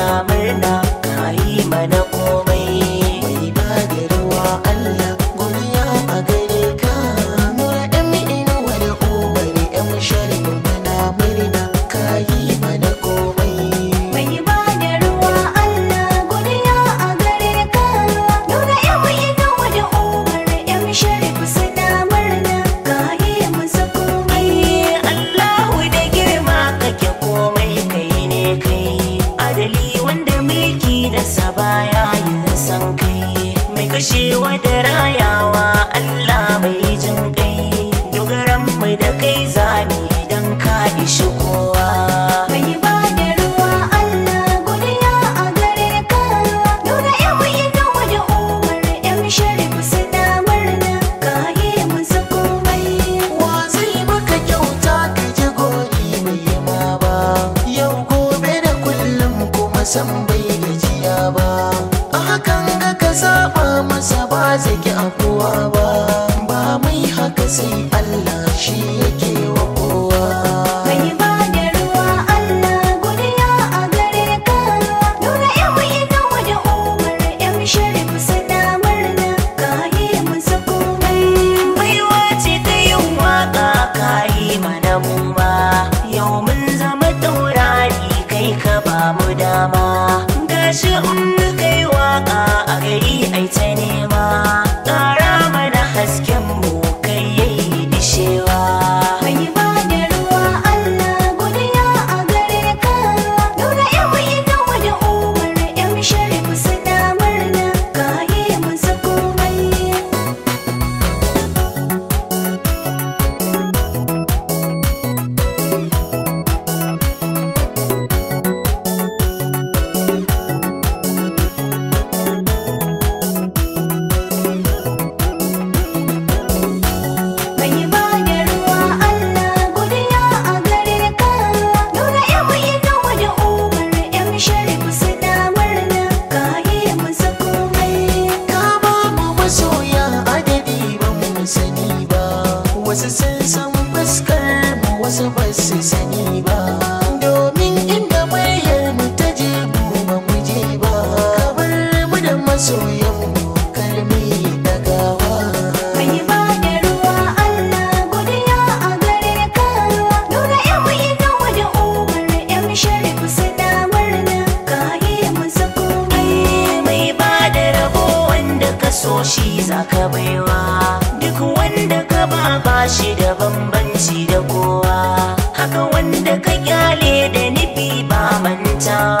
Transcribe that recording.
muna murna Sabaya baya yin san kai mai kashewa da raya kowa ba mai haka sai Allah shi yake wa kowa Mai ba da ruwa Allah godiya a gare ka nura yan ina da umar yan sharif suna murna ka yi musu komai baiwa ce ta yin waka ka yi mana mu ba yau mun zama taurari kai ka ba mu dama gashi in kai waƙa a gari ai ta nema so shi za baiwa duk wanda ka ba ba shi da bambanci da kowa haka wanda ka kyale da nufi ba mantawa